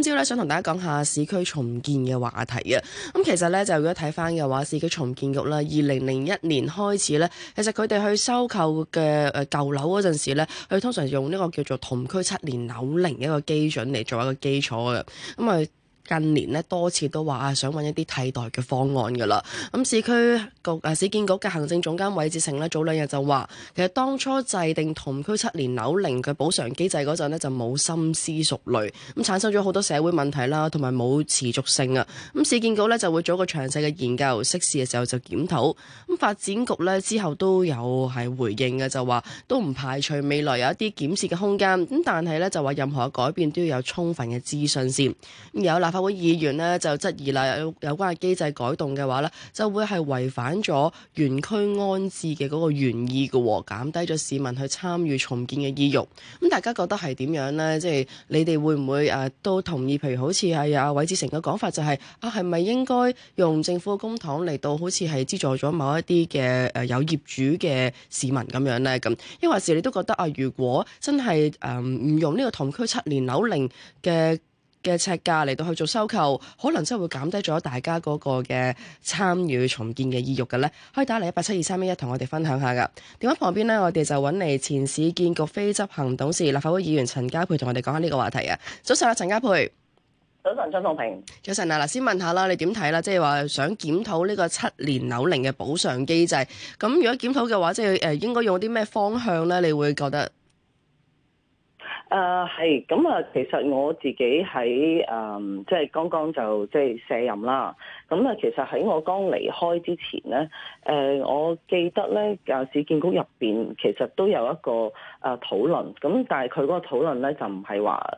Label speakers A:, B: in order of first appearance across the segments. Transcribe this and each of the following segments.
A: 今朝咧想同大家講下市區重建嘅話題啊！咁、嗯、其實咧，就如果睇返嘅話，市區重建局咧，二零零一年開始咧，其實佢哋去收購嘅誒、呃、舊樓嗰陣時咧，佢通常用呢個叫做同區七年樓齡一個基準嚟，做一個基礎嘅，咁、嗯、啊。近年呢，多次都話啊，想揾一啲替代嘅方案噶啦。咁市區局、啊、市建局嘅行政總監韋志成呢，早兩日就話，其實當初制定同區七年樓齡嘅補償機制嗰陣呢就冇深思熟慮，咁產生咗好多社會問題啦，同埋冇持續性啊。咁市建局呢，就會做一個詳細嘅研究，適時嘅時候就檢討。咁發展局呢，之後都有係回應嘅，就話都唔排除未來有一啲檢視嘅空間。咁但係呢，就話任何改變都要有充分嘅諮詢先。有立法。有議員咧就質疑啦，有有關嘅機制改動嘅話咧，就會係違反咗原區安置嘅嗰個原意嘅喎，減低咗市民去參與重建嘅意欲。咁大家覺得係點樣咧？即、就、係、是、你哋會唔會誒都同意？譬如好似係阿韋志成嘅講法，就是，就係啊，係咪應該用政府公帑嚟到好似係資助咗某一啲嘅誒有業主嘅市民咁樣咧？咁抑或是你都覺得啊，如果真係誒唔用呢個同區七年樓齡嘅？嘅尺價嚟到去做收購，可能真係會減低咗大家嗰個嘅參與重建嘅意欲嘅咧。可以打嚟一八七二三一一，同我哋分享下噶。電話旁邊呢，我哋就揾嚟前市建局非執行董事、立法會議員陳家，家培，同我哋講下呢個話題啊。早晨啊，陳家培，
B: 早晨張鳳平。
A: 早晨啊，嗱先問下啦，你點睇啦？即係話想檢討呢個七年樓齡嘅補償機制，咁如果檢討嘅話，即係誒、呃、應該用啲咩方向呢？你會覺得？
B: 誒係，咁啊、uh, 嗯，其實我自己喺誒、嗯，即係剛剛就即係卸任啦。咁、嗯、啊，其實喺我剛離開之前咧，誒、呃，我記得咧，啊，市建局入邊其實都有一個誒、啊、討論。咁但係佢嗰個討論咧，就唔係話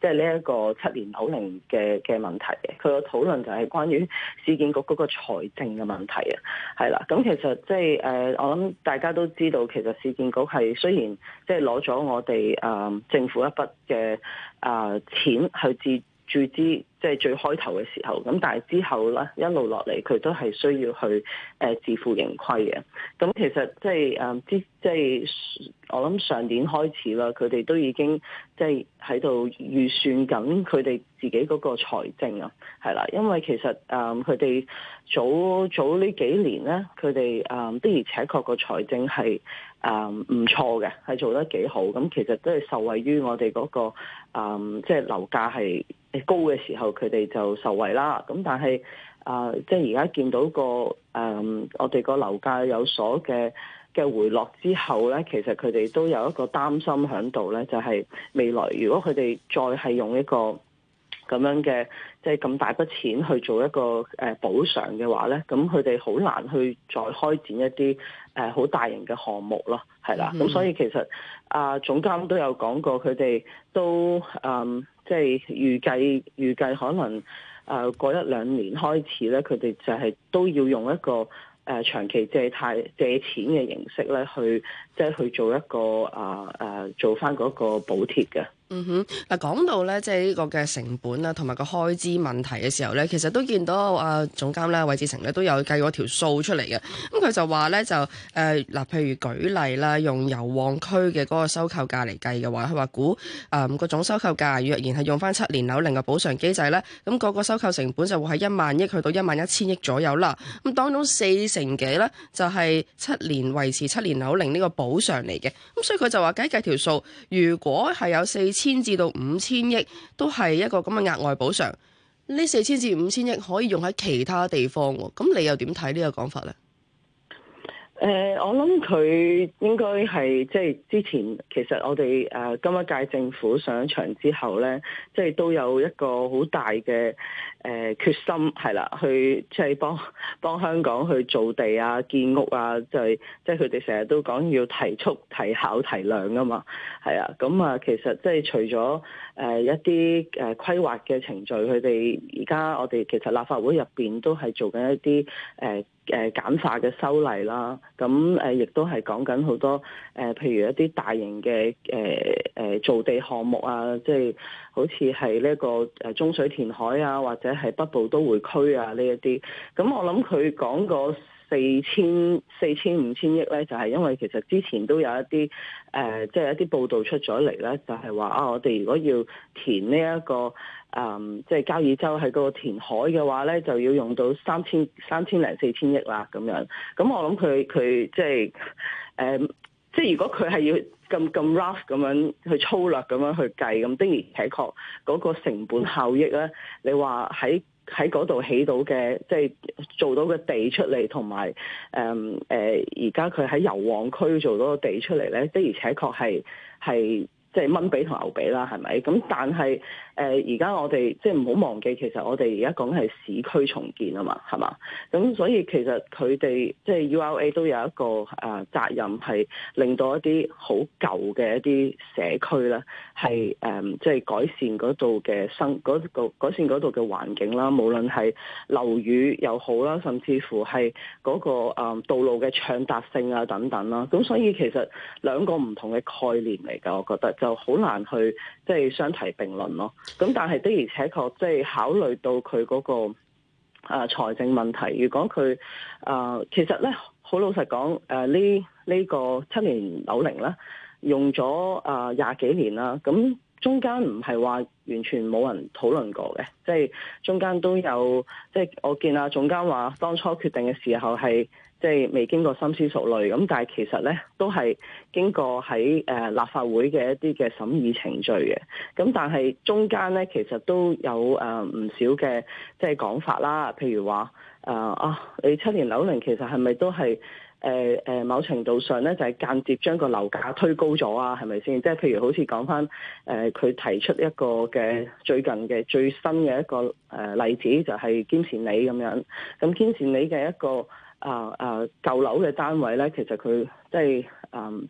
B: 誒，即係呢一個七年樓齡嘅嘅問題嘅。佢個討論就係關於市建局嗰個財政嘅問題啊，係啦。咁、嗯、其實即係誒、呃，我諗大家都知道，其實市建局係雖然即係攞咗我哋誒。呃政府一筆嘅啊錢去至。注資即係最開頭嘅時候，咁但係之後咧一路落嚟，佢都係需要去誒自負盈虧嘅。咁、嗯、其實即係誒即係我諗上年開始啦，佢哋都已經即係喺度預算緊佢哋自己嗰個財政啊，係啦，因為其實誒佢哋早早呢幾年咧，佢哋誒的而且確個財政係誒唔錯嘅，係做得幾好。咁、嗯、其實都係受惠於我哋嗰、嗰個、嗯、即係樓價係。高嘅時候，佢哋就受惠啦。咁但係啊、呃，即係而家見到個誒、呃，我哋個樓價有所嘅嘅回落之後咧，其實佢哋都有一個擔心響度咧，就係、是、未來如果佢哋再係用一個。咁樣嘅，即係咁大筆錢去做一個誒、呃、補償嘅話咧，咁佢哋好難去再開展一啲誒好大型嘅項目咯，係啦。咁、嗯、哼所以其實阿、呃、總監都有講過，佢哋都誒、呃、即係預計預計可能誒、呃、過一兩年開始咧，佢哋就係都要用一個誒、呃、長期借貸借錢嘅形式咧，去即係去做一個啊誒、呃、做翻嗰個補貼嘅。
A: 嗯哼，嗱，講到咧，即係呢個嘅成本啦，同埋個開支問題嘅時候咧，其實都見到啊總監咧，韋志成咧都有計咗條數出嚟嘅。咁佢就話咧，就誒嗱、呃，譬如舉例啦，用油旺區嘅嗰個收購價嚟計嘅話，佢話估誒個總收購價若然係用翻七年樓齡嘅補償機制咧，咁、那個個收購成本就會喺一萬億去到一萬一千億左右啦。咁當中四成幾咧，就係七年維持七年樓齡呢個補償嚟嘅。咁所以佢就話計計條數，如果係有四千至到五千億都係一個咁嘅額外補償，呢四千至五千億可以用喺其他地方，咁你又點睇呢個講法呢？
B: 誒、呃，我諗佢應該係即係之前，其實我哋誒、呃、今一屆政府上場之後呢，即係都有一個好大嘅誒、呃、決心，係啦，去即係、就是、幫。幫香港去造地啊、建屋啊，就係即係佢哋成日都講要提速、提效、提量㗎嘛，係啊，咁啊，其實即係除咗誒、呃、一啲誒、呃、規劃嘅程序，佢哋而家我哋其實立法會入邊都係做緊一啲誒、呃誒簡化嘅修例啦，咁誒亦都係講緊好多誒，譬如一啲大型嘅誒誒造地項目啊，即係好似係呢個誒中水填海啊，或者係北部都會區啊呢一啲，咁我諗佢講過。四千四千五千億咧，就係、是、因為其實之前都有一啲誒，即係一啲報道出咗嚟咧，就係、是、話、就是、啊，我哋如果要填呢、這、一個誒，即、呃、係、就是、交椅洲喺嗰個填海嘅話咧，就要用到三千三千零四千億啦咁樣。咁我諗佢佢即係誒，即係、就是呃就是、如果佢係要咁咁 rough 咁樣去粗略咁樣去計，咁的而且確嗰個成本效益咧，你話喺？喺嗰度起到嘅，即係做到嘅地出嚟，同埋誒誒，而家佢喺油旺區做到個地出嚟咧，的而且確係係。即係蚊比同牛比啦，係咪？咁但係誒，而家我哋即係唔好忘記，其實我哋而家講緊係市區重建啊嘛，係嘛？咁所以其實佢哋即係 URA 都有一個誒責任，係令到一啲好舊嘅一啲社區咧，係誒即係改善嗰度嘅生嗰個改善嗰度嘅環境啦，無論係樓宇又好啦，甚至乎係嗰個誒道路嘅暢達性啊等等啦。咁所以其實兩個唔同嘅概念嚟㗎，我覺得就。就好難去即係相提並論咯，咁但係的而且確即係考慮到佢嗰、那個啊財政問題，如果佢啊、呃、其實咧好老實講誒呢呢個七年樓齡啦，用咗啊廿幾年啦，咁中間唔係話完全冇人討論過嘅，即係中間都有即係我見阿總監話當初決定嘅時候係。即係未經過深思熟慮，咁但係其實咧都係經過喺誒、呃、立法會嘅一啲嘅審議程序嘅。咁但係中間咧其實都有誒唔、呃、少嘅即係講法啦，譬如話誒啊，你七年樓齡其實係咪都係誒誒某程度上咧就係、是、間接將個樓價推高咗啊？係咪先？即係譬如好似講翻誒，佢、呃、提出一個嘅最近嘅最新嘅一個誒例子，嗯、就係堅善理咁樣，咁堅善理嘅一個。啊啊！Uh, uh, 舊樓嘅單位咧，其實佢即係誒、um,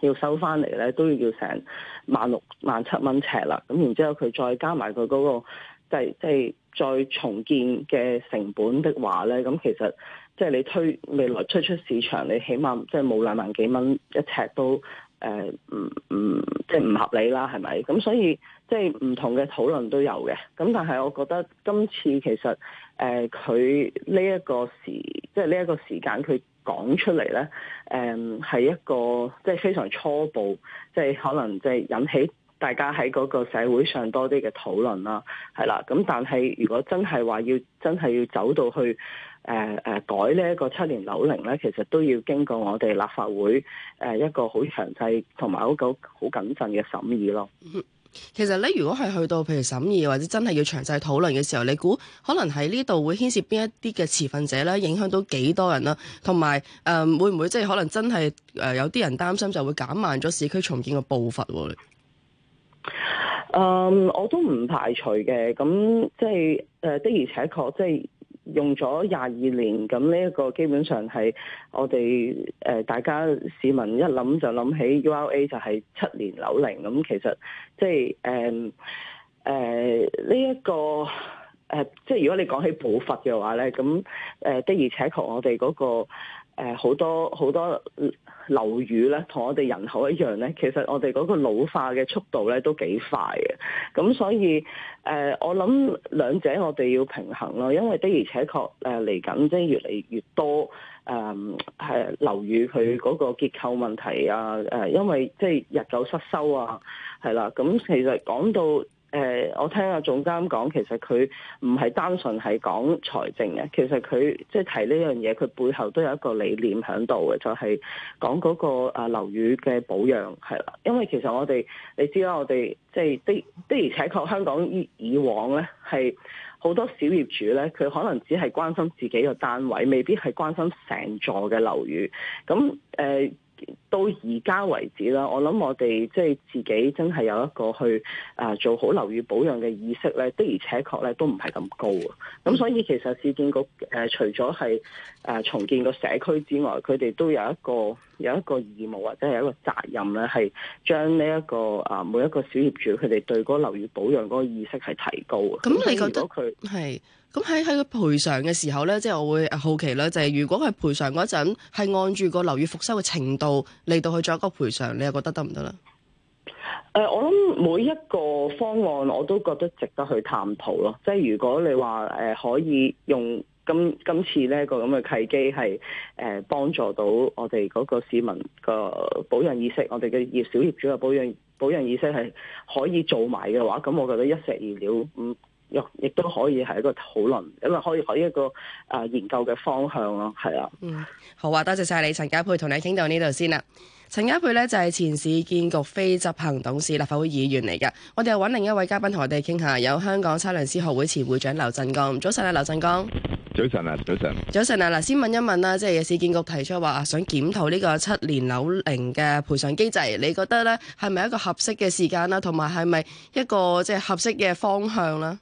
B: 要收翻嚟咧，都要成萬六萬七蚊尺啦。咁然之後佢再加埋佢嗰個即係即係再重建嘅成本的話咧，咁其實即係你推未來推出市場，你起碼即係冇兩萬幾蚊一尺都。誒唔唔，即係唔合理啦，係咪？咁所以即係唔同嘅討論都有嘅。咁但係我覺得今次其實誒佢呢一個時，即係呢一個時間佢講出嚟咧，誒、呃、係一個即係非常初步，即係可能即係引起大家喺嗰個社會上多啲嘅討論啦，係啦。咁但係如果真係話要真係要走到去誒誒、呃、改咧個七年樓齡咧，其實都要經過我哋立法會誒、呃、一個好詳細同埋好個好謹慎嘅審議咯。
A: 其實咧，如果係去到譬如審議或者真係要詳細討論嘅時候，你估可能喺呢度會牽涉邊一啲嘅持份者咧，影響到幾多人啦？同埋誒會唔會即係可能真係誒、呃、有啲人擔心就會減慢咗市區重建嘅步伐？
B: 嗯，um, 我都唔排除嘅，咁即係誒的而且確，即係用咗廿二年，咁呢一個基本上係我哋誒、呃、大家市民一諗就諗起 URA 就係七年樓齡，咁其實即係誒誒呢一個誒、呃、即係如果你講起補發嘅話咧，咁誒、呃、的而且確我哋嗰、那個誒好多好多。樓宇咧，同我哋人口一樣咧，其實我哋嗰個老化嘅速度咧都幾快嘅。咁所以誒、呃，我諗兩者我哋要平衡咯，因為的而且確誒嚟緊即係越嚟越多誒係樓宇佢嗰個結構問題啊，誒、呃、因為即係日久失修啊，係啦，咁、嗯、其實講到誒、呃，我聽阿總監講，其實佢唔係單純係講財政嘅，其實佢即係提呢樣嘢，佢背後都有一個理念喺度嘅，就係講嗰個啊樓宇嘅保養係啦。因為其實我哋你知啦，我哋即係的的而且確香港以往呢，係好多小業主呢，佢可能只係關心自己個單位，未必係關心成座嘅樓宇。咁誒。呃到而家為止啦，我諗我哋即係自己真係有一個去啊做好樓宇保養嘅意識咧，的而且確咧都唔係咁高。咁、嗯、所以其實市建局誒除咗係啊重建個社區之外，佢哋都有一個有一個義務或者係一個責任咧、這個，係將呢一個啊每一個小業主佢哋對嗰個樓宇保養嗰個意識係提高。咁你覺得佢
A: 係？咁喺喺個賠償嘅時候咧，即、就、係、是、我會好奇咧，就係、是、如果佢賠償嗰陣係按住個樓宇復修嘅程度。嚟到去做一個賠償，你又覺得得唔
B: 得咧？誒、呃，我諗每一個方案我都覺得值得去探討咯。即係如果你話誒、呃、可以用今今次呢個咁嘅契機係誒、呃、幫助到我哋嗰個市民個保養意識，我哋嘅業小業主嘅保養保養意識係可以做埋嘅話，咁我覺得一石二鳥。嗯喲，亦都可以係一個討論，因為可以喺一個誒研究嘅方向
A: 咯，係啊。嗯，好啊，多謝晒你，陳家珮，同你傾到呢度先啦。陳家珮咧就係、是、前市建局非執行董事、立法會議員嚟噶。我哋又搵另一位嘉賓同我哋傾下，有香港測量師學會前會長劉振江。早晨啊，劉振江。
C: 早晨啊，早晨。
A: 早晨啊，嗱，先問一問啦，即係市建局提出話想檢討呢個七年樓齡嘅賠償機制，你覺得呢係咪一個合適嘅時間啦？同埋係咪一個即係合適嘅方向啦？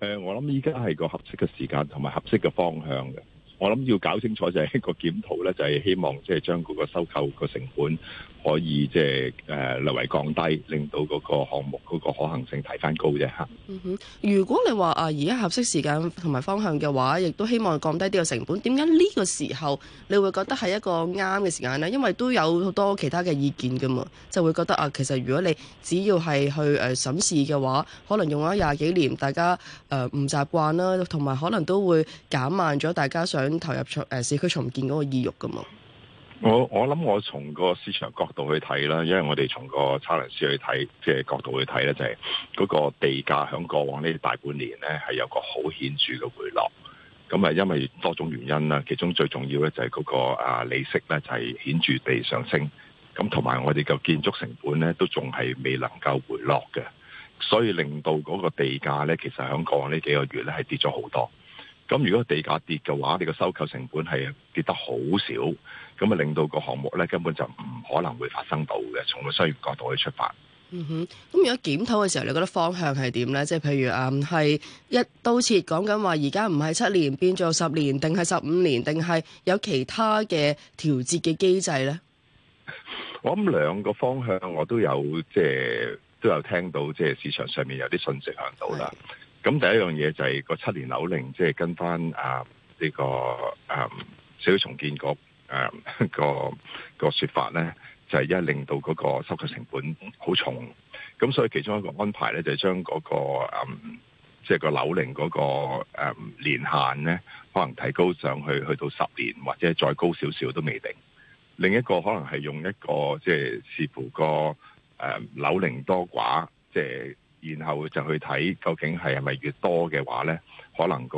C: 誒，我諗而家係個合適嘅時間同埋合適嘅方向嘅。我諗要搞清楚就係一個檢討咧，就係希望即係將佢個收購個成本。可以即係誒，略為降低，令到嗰個項目嗰個可行性睇翻高啫吓。嗯
A: 哼。如果你話啊，而家合適時間同埋方向嘅話，亦都希望降低啲個成本。點解呢個時候你會覺得係一個啱嘅時間呢？因為都有好多其他嘅意見噶嘛，就會覺得啊，其實如果你只要係去誒審視嘅話，可能用咗廿幾年，大家誒唔習慣啦，同埋可能都會減慢咗大家想投入重誒、呃、市區重建嗰個意欲噶嘛。
C: 我我諗我從個市場角度去睇啦，因為我哋從個測量師去睇，即係角度去睇咧，就係，就係嗰個地價響過往呢大半年咧，係有個好顯著嘅回落。咁啊，因為多種原因啦，其中最重要咧就係嗰、嗰個啊利息咧就係、係、顯著地上升。咁同埋我哋嘅建築成本咧都仲係未能夠回落嘅，所以令到嗰個地價咧其實響過往呢幾個月咧係跌咗好多。咁如果地價跌嘅話，你個收購成本係跌得好少，咁啊令到個項目咧根本就唔可能會發生到嘅，從個商業角度去出發。嗯
A: 哼，咁如果檢討嘅時候，你覺得方向係點咧？即係譬如誒，係一刀切講緊話，而家唔係七年變咗十年，定係十五年，定係有其他嘅調節嘅機制咧？
C: 我諗兩個方向，我都有即係都有聽到，即係市場上面有啲訊息響到啦。咁、嗯、第一樣嘢就係、是、個七年樓齡，即係跟翻啊呢個啊市區重建局、呃、個誒個個説法咧，就係、是、一令到嗰個收購成本好重，咁所以其中一個安排咧，就係將嗰個嗯、呃、即係、那個樓齡嗰個年限咧，可能提高上去去到十年，或者再高少少都未定。另一個可能係用一個即係視乎個誒樓、呃、齡多寡，即係。然後就去睇究竟係係咪越多嘅話咧，可能嗰、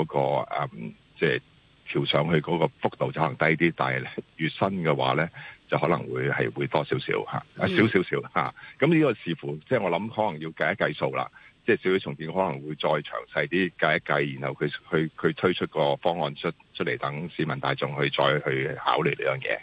C: 那個即係、嗯就是、調上去嗰個幅度就可能低啲，但係越新嘅話咧，就可能會係會多、啊嗯、少少嚇，少少少嚇。咁呢個視乎，即、就、係、是、我諗可能要計一計數啦，即、就、係、是、少少重建可能會再詳細啲計一計，然後佢佢佢推出個方案出出嚟等市民大眾去再去考慮呢樣嘢。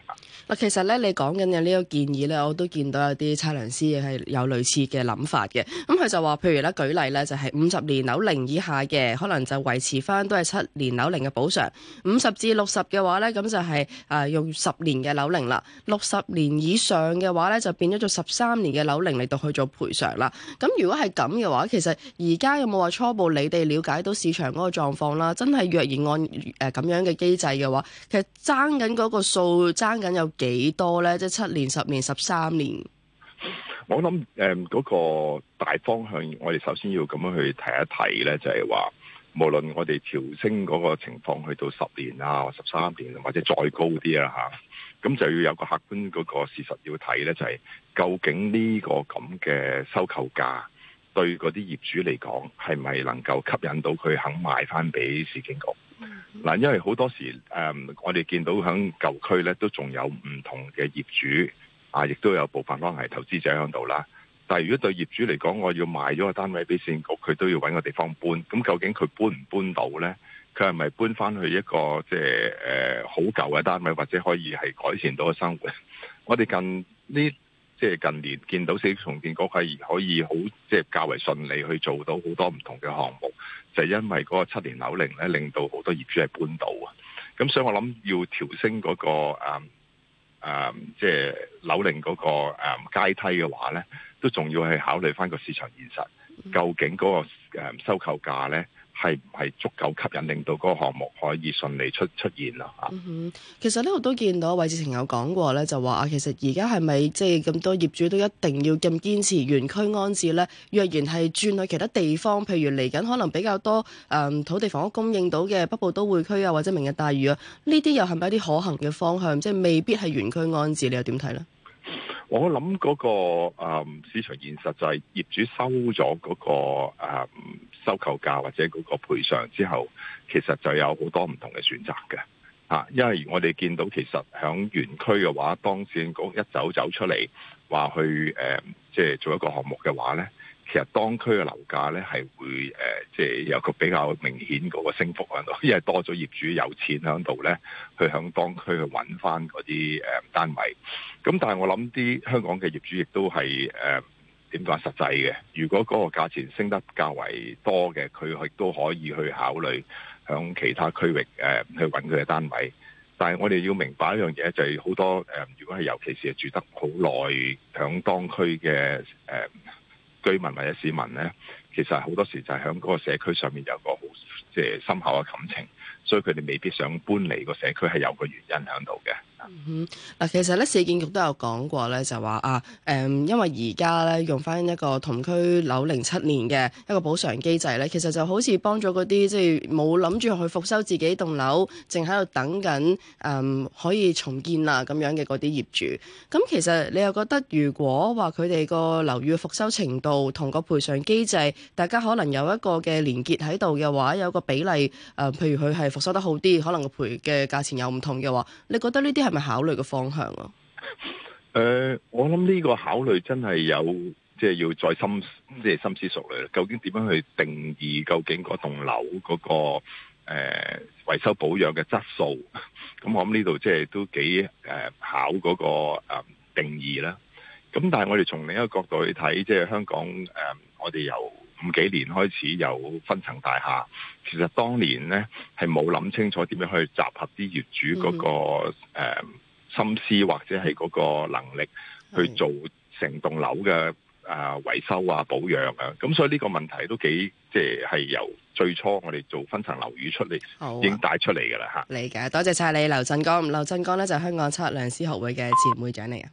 A: 嗱，其實咧你講緊嘅呢個建議咧，我都見到有啲測量師係有類似嘅諗法嘅。咁、嗯、佢就話，譬如咧舉例咧，就係五十年樓齡以下嘅，可能就維持翻都係七年樓齡嘅補償；五十至六十嘅話咧，咁就係、是、啊、呃、用十年嘅樓齡啦；六十年以上嘅話咧，就變咗做十三年嘅樓齡嚟到去做賠償啦。咁、嗯、如果係咁嘅話，其實而家有冇話初步你哋了解到市場嗰個狀況啦？真係若然按誒咁、呃、樣，嘅機制嘅話，其實爭緊嗰個數，爭緊有幾多咧？即係七年、十年、十三年。
C: 我諗誒，嗰、嗯，那個大方向，我哋首先要咁樣去提一提咧，就係、是、話，無論我哋調升嗰個情況去到十年啊、十三年，或者再高啲啦吓，咁、啊、就要有個客觀嗰個事實要睇咧，就係、是、究竟呢個咁嘅收購價，對嗰啲業主嚟講，係咪能夠吸引到佢肯賣翻俾市建局？嗱，因為好多時誒、嗯，我哋見到響舊區咧，都仲有唔同嘅業主啊，亦都有部分可能係投資者響度啦。但係如果對業主嚟講，我要賣咗個單位俾市建局，佢都要揾個地方搬。咁究竟佢搬唔搬到咧？佢係咪搬翻去一個即係誒好舊嘅單位，或者可以係改善到個生活？我哋近呢？即係近年見到市重建局係可以好即係較為順利去做到好多唔同嘅項目，就係、因為嗰個七年樓齡咧，令到好多業主係搬到啊。咁所以我諗要調升嗰、嗰個誒誒即係樓齡嗰、嗰個誒階、嗯、梯嘅話咧，都仲要去考慮翻個市場現實，究竟嗰個收購價咧。係唔係足夠吸引，令到嗰個項目可以順利出出現啦？吓、嗯，
A: 其實呢，我都見到韋志成有講過咧，就話啊，其實而家係咪即係咁多業主都一定要咁堅持原區安置呢？若然係轉去其他地方，譬如嚟緊可能比較多誒、嗯、土地房屋供應到嘅北部都會區啊，或者明日大嶼啊，呢啲又係咪一啲可行嘅方向？即係未必係原區安置，你又點睇呢？
C: 我諗嗰、那個誒、嗯、市場現實就係業主收咗嗰、那個誒、嗯、收購價或者嗰個賠償之後，其實就有好多唔同嘅選擇嘅吓，因為我哋見到其實響園區嘅話，當線股一走走出嚟，話去誒即係做一個項目嘅話咧。其實當區嘅樓價呢，係會誒，即係有個比較明顯嗰個升幅喺度，因為多咗業主有錢喺度呢去響當區去揾翻嗰啲誒單位。咁但係我諗啲香港嘅業主亦都係誒點講實際嘅。如果嗰個價錢升得較為多嘅，佢亦都可以去考慮響其他區域誒去揾佢嘅單位。但係我哋要明白一樣嘢，就係好多誒，如果係尤其是住得好耐響當區嘅誒。居民或者市民呢，其實好多時就係響嗰個社區上面有個好即係深厚嘅感情，所以佢哋未必想搬離個社區係有個原因響度嘅。
A: 嗯嗱，其實咧，市建局都有講過咧，就話啊，誒、嗯，因為而家咧用翻一個同區樓齡七年嘅一個補償機制咧，其實就好似幫咗嗰啲即係冇諗住去復修自己棟樓，淨喺度等緊誒、嗯、可以重建啦咁樣嘅嗰啲業主。咁、嗯、其實你又覺得，如果話佢哋個樓宇嘅復修程度同個賠償機制，大家可能有一個嘅連結喺度嘅話，有個比例誒、呃，譬如佢係復修得好啲，可能個賠嘅價錢又唔同嘅話，你覺得呢啲係？咪考慮個方向咯。
C: 誒、嗯，我諗呢個考慮真係有，即係要再深，即係深思熟慮啦。究竟點樣去定義？究竟嗰棟樓嗰個誒維、呃、修保養嘅質素？咁、嗯、我諗呢度即係都幾誒、呃、考嗰、嗰個誒、呃、定義啦。咁、嗯、但係我哋從另一個角度去睇，即係香港誒、呃，我哋有。五幾年開始有分層大廈，其實當年呢，係冇諗清楚點樣去集合啲業主嗰、那個誒、嗯呃、心思或者係嗰個能力去做成棟樓嘅誒維修啊保養啊，咁所以呢個問題都幾即係由最初我哋做分層樓宇出嚟，已經帶出嚟噶啦吓。
A: 理解，多謝晒你，劉振江。劉振江呢，就係香港測量師學會嘅前會長嚟嘅。